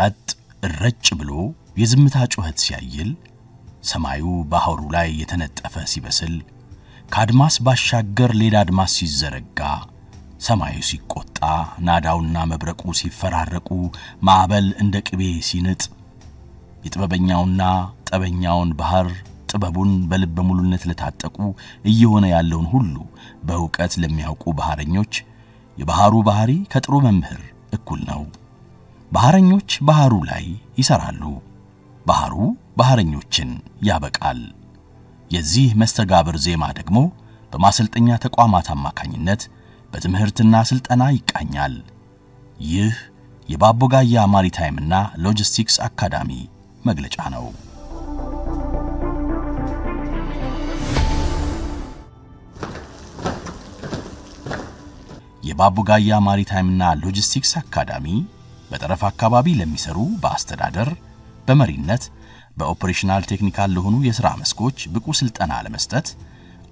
ጸጥ እረጭ ብሎ የዝምታ ጩኸት ሲያይል ሰማዩ ባህሩ ላይ የተነጠፈ ሲበስል ከአድማስ ባሻገር ሌላ አድማስ ሲዘረጋ ሰማዩ ሲቆጣ ናዳውና መብረቁ ሲፈራረቁ ማዕበል እንደ ቅቤ ሲንጥ የጥበበኛውና ጠበኛውን ባህር ጥበቡን በልበ ሙሉነት ለታጠቁ እየሆነ ያለውን ሁሉ በእውቀት ለሚያውቁ ባህረኞች የባህሩ ባህሪ ከጥሩ መምህር እኩል ነው። ባህረኞች ባህሩ ላይ ይሰራሉ፣ ባህሩ ባህረኞችን ያበቃል። የዚህ መስተጋብር ዜማ ደግሞ በማሰልጠኛ ተቋማት አማካኝነት በትምህርትና ስልጠና ይቃኛል። ይህ የባቦጋያ ማሪታይምና ሎጂስቲክስ አካዳሚ መግለጫ ነው። የባቦጋያ ማሪታይምና ሎጂስቲክስ አካዳሚ በጠረፍ አካባቢ ለሚሰሩ በአስተዳደር በመሪነት በኦፕሬሽናል ቴክኒካል ለሆኑ የሥራ መስኮች ብቁ ሥልጠና ለመስጠት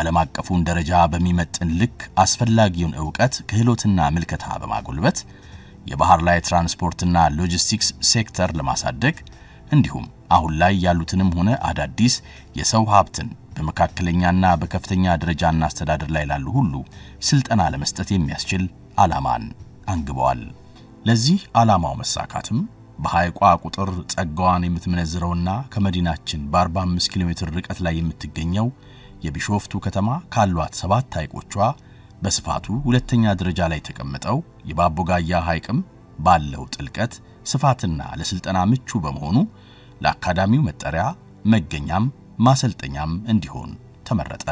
ዓለም አቀፉን ደረጃ በሚመጥን ልክ አስፈላጊውን ዕውቀት ክህሎትና ምልከታ በማጎልበት የባህር ላይ ትራንስፖርትና ሎጂስቲክስ ሴክተር ለማሳደግ እንዲሁም አሁን ላይ ያሉትንም ሆነ አዳዲስ የሰው ሀብትን በመካከለኛና በከፍተኛ ደረጃና አስተዳደር ላይ ላሉ ሁሉ ስልጠና ለመስጠት የሚያስችል ዓላማን አንግበዋል። ለዚህ ዓላማው መሳካትም በሐይቋ ቁጥር ጸጋዋን የምትመነዝረውና ከመዲናችን በ45 ኪሎ ሜትር ርቀት ላይ የምትገኘው የቢሾፍቱ ከተማ ካሏት ሰባት ሐይቆቿ በስፋቱ ሁለተኛ ደረጃ ላይ ተቀምጠው የባቦጋያ ሐይቅም ባለው ጥልቀት ስፋትና ለስልጠና ምቹ በመሆኑ ለአካዳሚው መጠሪያ መገኛም ማሰልጠኛም እንዲሆን ተመረጠ።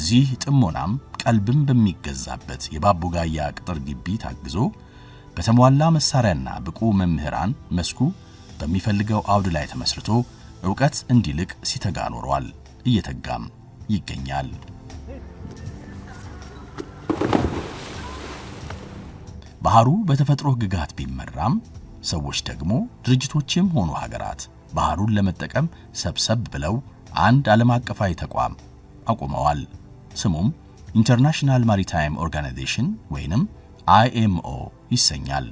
በዚህ ጥሞናም ቀልብም በሚገዛበት የባቡጋያ ቅጥር ግቢ ታግዞ በተሟላ መሳሪያና ብቁ መምህራን መስኩ በሚፈልገው አውድ ላይ ተመስርቶ እውቀት እንዲልቅ ሲተጋ ኖሯል፣ እየተጋም ይገኛል። ባህሩ በተፈጥሮ ግጋት ቢመራም ሰዎች ደግሞ ድርጅቶችም ሆኑ ሀገራት ባህሩን ለመጠቀም ሰብሰብ ብለው አንድ ዓለም አቀፋዊ ተቋም አቁመዋል። ስሙም ኢንተርናሽናል ማሪታይም ኦርጋናይዜሽን ወይንም አይኤምኦ ይሰኛል።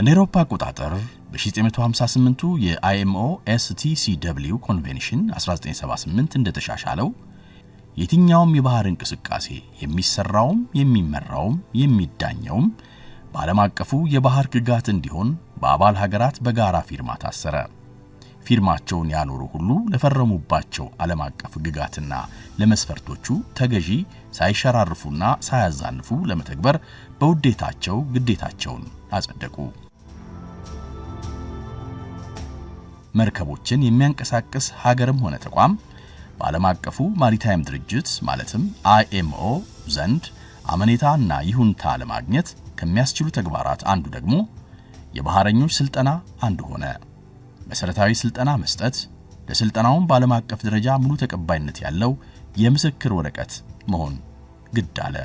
እንደ አውሮፓ አቆጣጠር በ1958ቱ የአይኤምኦ ኤስቲሲደብሊው ኮንቬንሽን 1978 እንደተሻሻለው የትኛውም የባህር እንቅስቃሴ የሚሰራውም የሚመራውም የሚዳኘውም በዓለም አቀፉ የባህር ግጋት እንዲሆን በአባል ሀገራት በጋራ ፊርማ ታሰረ። ፊርማቸውን ያኖሩ ሁሉ ለፈረሙባቸው ዓለም አቀፍ ግጋትና ለመስፈርቶቹ ተገዢ ሳይሸራርፉና ሳያዛንፉ ለመተግበር በውዴታቸው ግዴታቸውን አጸደቁ። መርከቦችን የሚያንቀሳቅስ ሀገርም ሆነ ተቋም በዓለም አቀፉ ማሪታይም ድርጅት ማለትም አይኤምኦ ዘንድ አመኔታና ይሁንታ ለማግኘት ከሚያስችሉ ተግባራት አንዱ ደግሞ የባህረኞች ስልጠና አንዱ ሆነ። መሰረታዊ ስልጠና መስጠት፣ ለስልጠናውም በዓለም አቀፍ ደረጃ ሙሉ ተቀባይነት ያለው የምስክር ወረቀት መሆን ግድ አለ።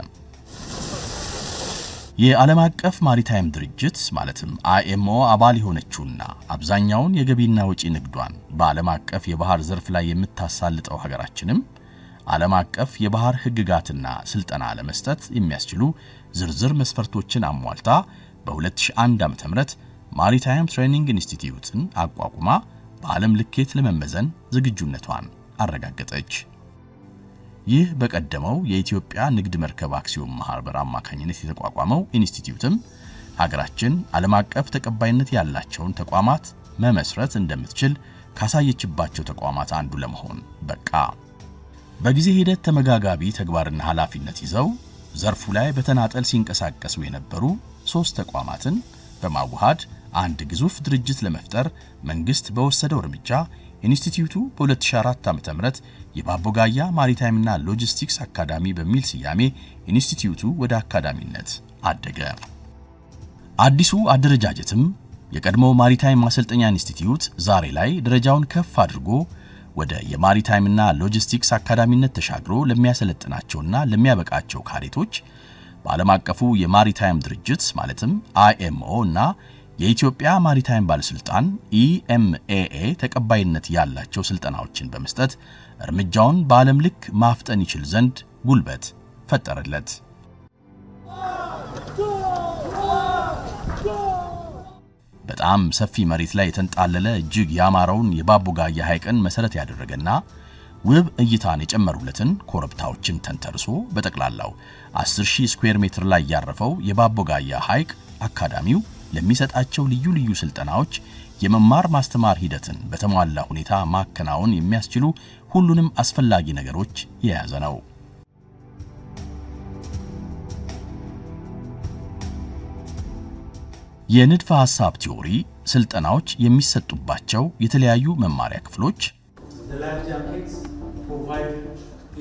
የዓለም አቀፍ ማሪታይም ድርጅት ማለትም አይኤምኦ አባል የሆነችውና አብዛኛውን የገቢና ወጪ ንግዷን በዓለም አቀፍ የባህር ዘርፍ ላይ የምታሳልጠው ሀገራችንም ዓለም አቀፍ የባህር ሕግጋትና ስልጠና ለመስጠት የሚያስችሉ ዝርዝር መስፈርቶችን አሟልታ በ2001 ዓ.ም ማሪታይም ትሬኒንግ ኢንስቲትዩትን አቋቁማ በዓለም ልኬት ለመመዘን ዝግጁነቷን አረጋገጠች። ይህ በቀደመው የኢትዮጵያ ንግድ መርከብ አክሲዮን ማህበር አማካኝነት የተቋቋመው ኢንስቲትዩትም ሀገራችን ዓለም አቀፍ ተቀባይነት ያላቸውን ተቋማት መመስረት እንደምትችል ካሳየችባቸው ተቋማት አንዱ ለመሆን በቃ። በጊዜ ሂደት ተመጋጋቢ ተግባርና ኃላፊነት ይዘው ዘርፉ ላይ በተናጠል ሲንቀሳቀሱ የነበሩ ሶስት ተቋማትን በማዋሃድ አንድ ግዙፍ ድርጅት ለመፍጠር መንግስት በወሰደው እርምጃ ኢንስቲትዩቱ በ2004 ዓ.ም የባቦጋያ ማሪታይምና ሎጂስቲክስ አካዳሚ በሚል ስያሜ ኢንስቲትዩቱ ወደ አካዳሚነት አደገ። አዲሱ አደረጃጀትም የቀድሞ ማሪታይም ማሰልጠኛ ኢንስቲትዩት ዛሬ ላይ ደረጃውን ከፍ አድርጎ ወደ የማሪታይምና ሎጂስቲክስ አካዳሚነት ተሻግሮ ለሚያሰለጥናቸውና ለሚያበቃቸው ካዴቶች በዓለም አቀፉ የማሪታይም ድርጅት ማለትም አይኤምኦ እና የኢትዮጵያ ማሪታይም ባለስልጣን ኢኤምኤኤ e ተቀባይነት ያላቸው ስልጠናዎችን በመስጠት እርምጃውን በዓለም ልክ ማፍጠን ይችል ዘንድ ጉልበት ፈጠረለት። በጣም ሰፊ መሬት ላይ የተንጣለለ እጅግ ያማረውን የባቡጋያ ሐይቅን መሠረት ያደረገና ውብ እይታን የጨመሩለትን ኮረብታዎችን ተንተርሶ በጠቅላላው 10000 ስኩዌር ሜትር ላይ ያረፈው የባቦጋያ ሐይቅ አካዳሚው ለሚሰጣቸው ልዩ ልዩ ስልጠናዎች የመማር ማስተማር ሂደትን በተሟላ ሁኔታ ማከናወን የሚያስችሉ ሁሉንም አስፈላጊ ነገሮች የያዘ ነው። የንድፈ ሐሳብ ቲዎሪ ስልጠናዎች የሚሰጡባቸው የተለያዩ መማሪያ ክፍሎች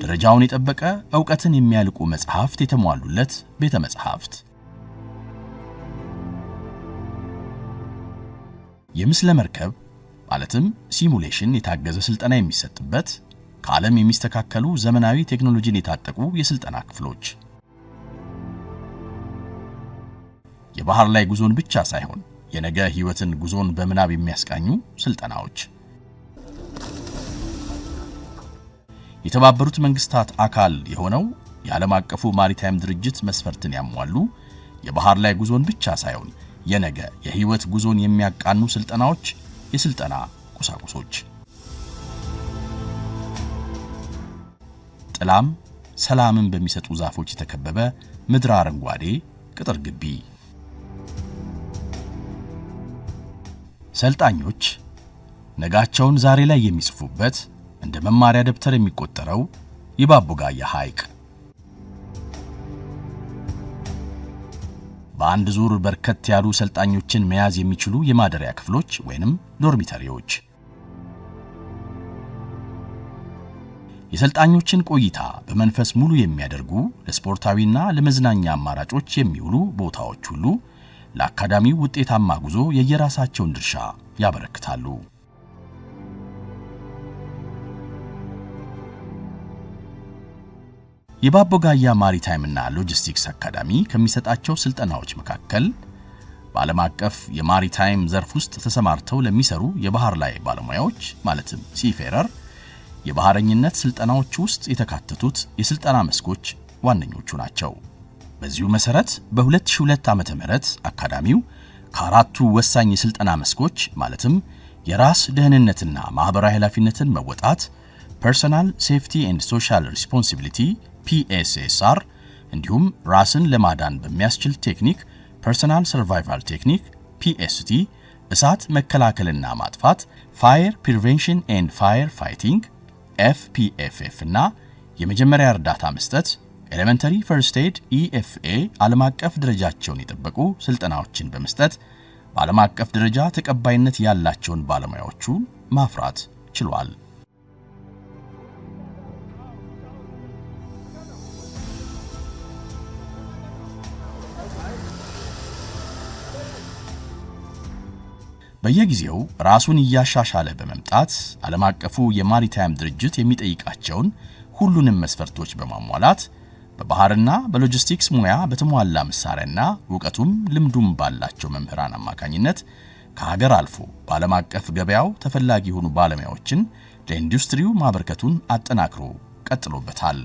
ደረጃውን የጠበቀ ዕውቀትን የሚያልቁ መጽሐፍት የተሟሉለት ቤተ መጽሐፍት የምስለ መርከብ ማለትም ሲሙሌሽን የታገዘ ስልጠና የሚሰጥበት ከዓለም የሚስተካከሉ ዘመናዊ ቴክኖሎጂን የታጠቁ የስልጠና ክፍሎች የባህር ላይ ጉዞን ብቻ ሳይሆን የነገ ህይወትን ጉዞን በምናብ የሚያስቃኙ ስልጠናዎች የተባበሩት መንግስታት አካል የሆነው የዓለም አቀፉ ማሪታይም ድርጅት መስፈርትን ያሟሉ የባህር ላይ ጉዞን ብቻ ሳይሆን የነገ የህይወት ጉዞን የሚያቃኑ ስልጠናዎች፣ የስልጠና ቁሳቁሶች። ጥላም ሰላምን በሚሰጡ ዛፎች የተከበበ ምድር አረንጓዴ ቅጥር ግቢ። ሰልጣኞች ነጋቸውን ዛሬ ላይ የሚጽፉበት እንደ መማሪያ ደብተር የሚቆጠረው የባቡጋያ ሐይቅ በአንድ ዙር በርከት ያሉ ሰልጣኞችን መያዝ የሚችሉ የማደሪያ ክፍሎች ወይንም ዶርሚተሪዎች። የሰልጣኞችን ቆይታ በመንፈስ ሙሉ የሚያደርጉ ለስፖርታዊና ለመዝናኛ አማራጮች የሚውሉ ቦታዎች ሁሉ ለአካዳሚው ውጤታማ ጉዞ የየራሳቸውን ድርሻ ያበረክታሉ። የባቦጋያ ማሪታይምና ሎጂስቲክስ አካዳሚ ከሚሰጣቸው ስልጠናዎች መካከል በዓለም አቀፍ የማሪታይም ዘርፍ ውስጥ ተሰማርተው ለሚሰሩ የባህር ላይ ባለሙያዎች ማለትም ሲፌረር የባህረኝነት ስልጠናዎች ውስጥ የተካተቱት የስልጠና መስኮች ዋነኞቹ ናቸው። በዚሁ መሰረት በ2002 ም አካዳሚው ከአራቱ ወሳኝ የስልጠና መስኮች ማለትም የራስ ደህንነትና ማህበራዊ ኃላፊነትን መወጣት፣ ፐርሰናል ሴፍቲ ኤንድ ሶሻል ሪስፖንሲቢሊቲ ፒኤስኤስአር እንዲሁም ራስን ለማዳን በሚያስችል ቴክኒክ ፐርሰናል ሰርቫይቫል ቴክኒክ ፒኤስቲ፣ እሳት መከላከልና ማጥፋት ፋየር ፕሪቬንሽን ኤንድ ፋየር ፋይቲንግ ኤፍፒኤፍኤፍ እና የመጀመሪያ እርዳታ መስጠት ኤሌመንተሪ ፈርስት ኤድ ኢኤፍኤ e ዓለም አቀፍ ደረጃቸውን የጠበቁ ስልጠናዎችን በመስጠት በዓለም አቀፍ ደረጃ ተቀባይነት ያላቸውን ባለሙያዎቹ ማፍራት ችሏል። በየጊዜው ራሱን እያሻሻለ በመምጣት ዓለም አቀፉ የማሪታይም ድርጅት የሚጠይቃቸውን ሁሉንም መስፈርቶች በማሟላት በባህርና በሎጂስቲክስ ሙያ በተሟላ መሳሪያና እውቀቱም ልምዱም ባላቸው መምህራን አማካኝነት ከሀገር አልፎ በዓለም አቀፍ ገበያው ተፈላጊ የሆኑ ባለሙያዎችን ለኢንዱስትሪው ማበርከቱን አጠናክሮ ቀጥሎበታል።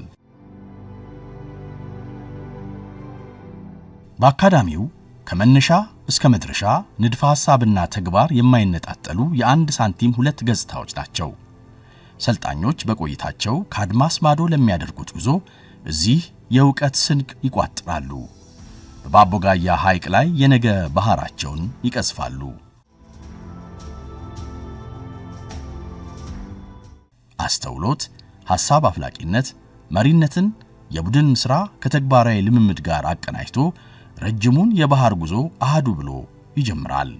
በአካዳሚው ከመነሻ እስከ መድረሻ ንድፈ ሐሳብና ተግባር የማይነጣጠሉ የአንድ ሳንቲም ሁለት ገጽታዎች ናቸው። ሰልጣኞች በቆይታቸው ከአድማስ ማዶ ለሚያደርጉት ጉዞ እዚህ የእውቀት ስንቅ ይቋጥራሉ። በባቦጋያ ሐይቅ ላይ የነገ ባህራቸውን ይቀዝፋሉ። አስተውሎት፣ ሐሳብ አፍላቂነት፣ መሪነትን የቡድን ሥራ ከተግባራዊ ልምምድ ጋር አቀናጅቶ ረጅሙን የባህር ጉዞ አሃዱ ብሎ ይጀምራል።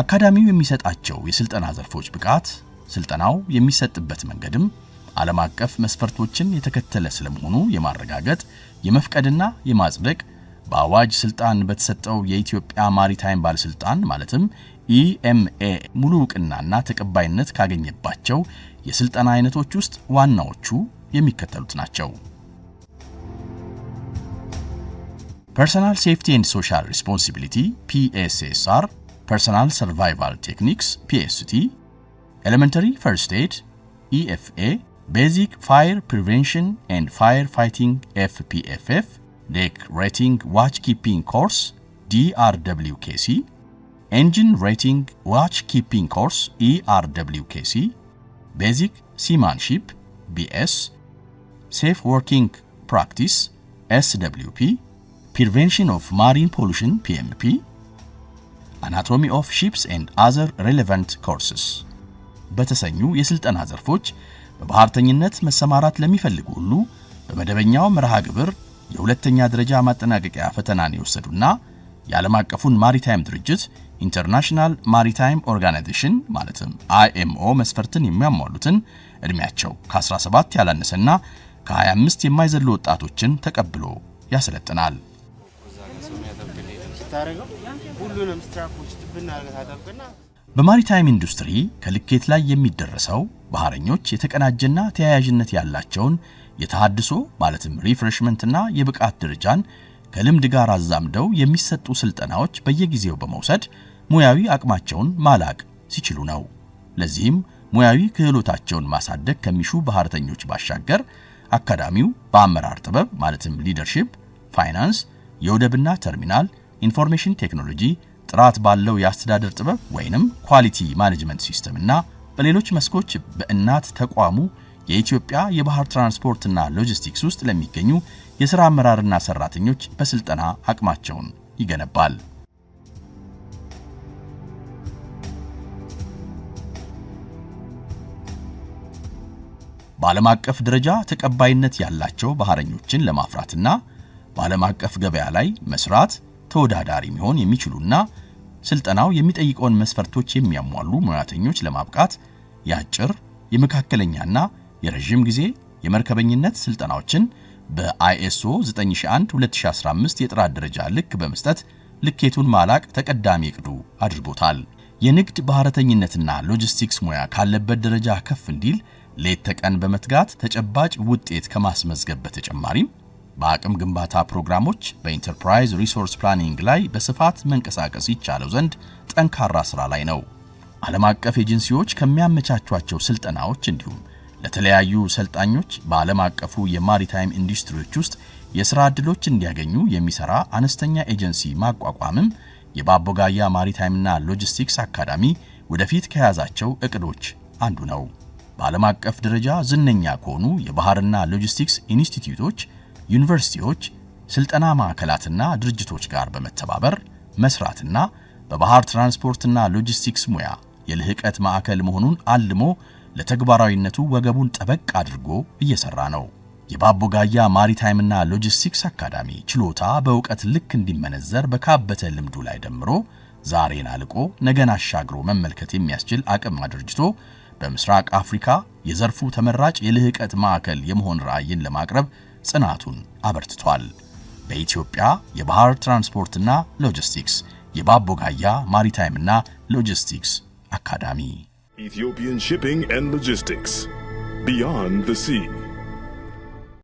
አካዳሚው የሚሰጣቸው የስልጠና ዘርፎች ብቃት፣ ስልጠናው የሚሰጥበት መንገድም ዓለም አቀፍ መስፈርቶችን የተከተለ ስለመሆኑ የማረጋገጥ የመፍቀድና የማጽደቅ በአዋጅ ስልጣን በተሰጠው የኢትዮጵያ ማሪታይም ባለስልጣን ማለትም ኢኤምኤ ሙሉ እውቅናና ተቀባይነት ካገኘባቸው የስልጠና አይነቶች ውስጥ ዋናዎቹ የሚከተሉት ናቸው። ፐርሰናል ሴፍቲ ኤንድ ሶሻል ሪስፖንሲቢሊቲ ፒኤስኤስአር፣ ፐርሰናል ሰርቫይቫል ቴክኒክስ ፒኤስቲ፣ ኤሌመንተሪ ፈርስት ኤድ ኢኤፍኤ፣ ቤዚክ ፋየር ፕሪቬንሽን ኤንድ ፋየር ፋይቲንግ ኤፍፒኤፍኤፍ፣ ዴክ ሬቲንግ ዋች ኪፒንግ ኮርስ ዲአርደብሊውኬሲ ኤንጂን ሬቲንግ ዋች ኪፒንግ ኮርስ ኢአርWኬሲ፣ ቤዚክ ሲማንሺፕ ቢኤስ፣ ሴፍ ወርኪንግ ፕራክቲስ ኤስWፒ፣ ፕሪቬንሽን ኦፍ ማሪን ፖሉሽን ፒኤምፒ፣ አናቶሚ ኦፍ ሺፕስ ኤንድ አዘር ሬሌቫንት ኮርስስ በተሰኙ የሥልጠና ዘርፎች በባህርተኝነት መሰማራት ለሚፈልጉ ሁሉ በመደበኛው መርሃ ግብር የሁለተኛ ደረጃ ማጠናቀቂያ ፈተናን የወሰዱና የዓለም አቀፉን ማሪታይም ድርጅት ኢንተርናሽናል ማሪታይም ኦርጋናይዜሽን ማለትም አይኤምኦ መስፈርትን የሚያሟሉትን እድሜያቸው ከ17 ያላነሰና ከ25 የማይዘሉ ወጣቶችን ተቀብሎ ያሰለጥናል። በማሪታይም ኢንዱስትሪ ከልኬት ላይ የሚደረሰው ባህረኞች የተቀናጀና ተያያዥነት ያላቸውን የተሃድሶ ማለትም ሪፍሬሽመንትና የብቃት ደረጃን ከልምድ ጋር አዛምደው የሚሰጡ ስልጠናዎች በየጊዜው በመውሰድ ሙያዊ አቅማቸውን ማላቅ ሲችሉ ነው። ለዚህም ሙያዊ ክህሎታቸውን ማሳደግ ከሚሹ ባህርተኞች ባሻገር አካዳሚው በአመራር ጥበብ ማለትም ሊደርሺፕ፣ ፋይናንስ፣ የወደብና ተርሚናል፣ ኢንፎርሜሽን ቴክኖሎጂ፣ ጥራት ባለው የአስተዳደር ጥበብ ወይንም ኳሊቲ ማኔጅመንት ሲስተም እና በሌሎች መስኮች በእናት ተቋሙ የኢትዮጵያ የባህር ትራንስፖርትና ሎጂስቲክስ ውስጥ ለሚገኙ የሥራ አመራርና ሠራተኞች በሥልጠና አቅማቸውን ይገነባል። በዓለም አቀፍ ደረጃ ተቀባይነት ያላቸው ባህረኞችን ለማፍራትና በዓለም አቀፍ ገበያ ላይ መስራት ተወዳዳሪ መሆን የሚችሉና ስልጠናው የሚጠይቀውን መስፈርቶች የሚያሟሉ ሙያተኞች ለማብቃት የአጭር የመካከለኛና የረዥም ጊዜ የመርከበኝነት ስልጠናዎችን በአይኤስኦ 9001-2015 የጥራት ደረጃ ልክ በመስጠት ልኬቱን ማላቅ ተቀዳሚ ዕቅዱ አድርጎታል። የንግድ ባህረተኝነትና ሎጂስቲክስ ሙያ ካለበት ደረጃ ከፍ እንዲል ሌት ተቀን በመትጋት ተጨባጭ ውጤት ከማስመዝገብ በተጨማሪም በአቅም ግንባታ ፕሮግራሞች በኢንተርፕራይዝ ሪሶርስ ፕላኒንግ ላይ በስፋት መንቀሳቀስ ይቻለው ዘንድ ጠንካራ ስራ ላይ ነው። ዓለም አቀፍ ኤጀንሲዎች ከሚያመቻቿቸው ስልጠናዎች እንዲሁም ለተለያዩ ሰልጣኞች በዓለም አቀፉ የማሪታይም ኢንዱስትሪዎች ውስጥ የሥራ ዕድሎች እንዲያገኙ የሚሠራ አነስተኛ ኤጀንሲ ማቋቋምም የባቦጋያ ማሪታይምና ሎጂስቲክስ አካዳሚ ወደፊት ከያዛቸው ዕቅዶች አንዱ ነው። በዓለም አቀፍ ደረጃ ዝነኛ ከሆኑ የባሕርና ሎጂስቲክስ ኢንስቲትዩቶች፣ ዩኒቨርሲቲዎች፣ ሥልጠና ማዕከላትና ድርጅቶች ጋር በመተባበር መሥራትና በባሕር ትራንስፖርትና ሎጂስቲክስ ሙያ የልህቀት ማዕከል መሆኑን አልሞ ለተግባራዊነቱ ወገቡን ጠበቅ አድርጎ እየሰራ ነው። የባቦጋያ ማሪታይምና ሎጂስቲክስ አካዳሚ ችሎታ በእውቀት ልክ እንዲመነዘር በካበተ ልምዱ ላይ ደምሮ ዛሬን አልቆ ነገን አሻግሮ መመልከት የሚያስችል አቅም አድርጅቶ በምስራቅ አፍሪካ የዘርፉ ተመራጭ የልህቀት ማዕከል የመሆን ራዕይን ለማቅረብ ጽናቱን አበርትቷል። በኢትዮጵያ የባህር ትራንስፖርትና ሎጂስቲክስ የባቦጋያ ማሪታይምና ሎጂስቲክስ አካዳሚ Ethiopian Shipping and Logistics. Beyond the Sea.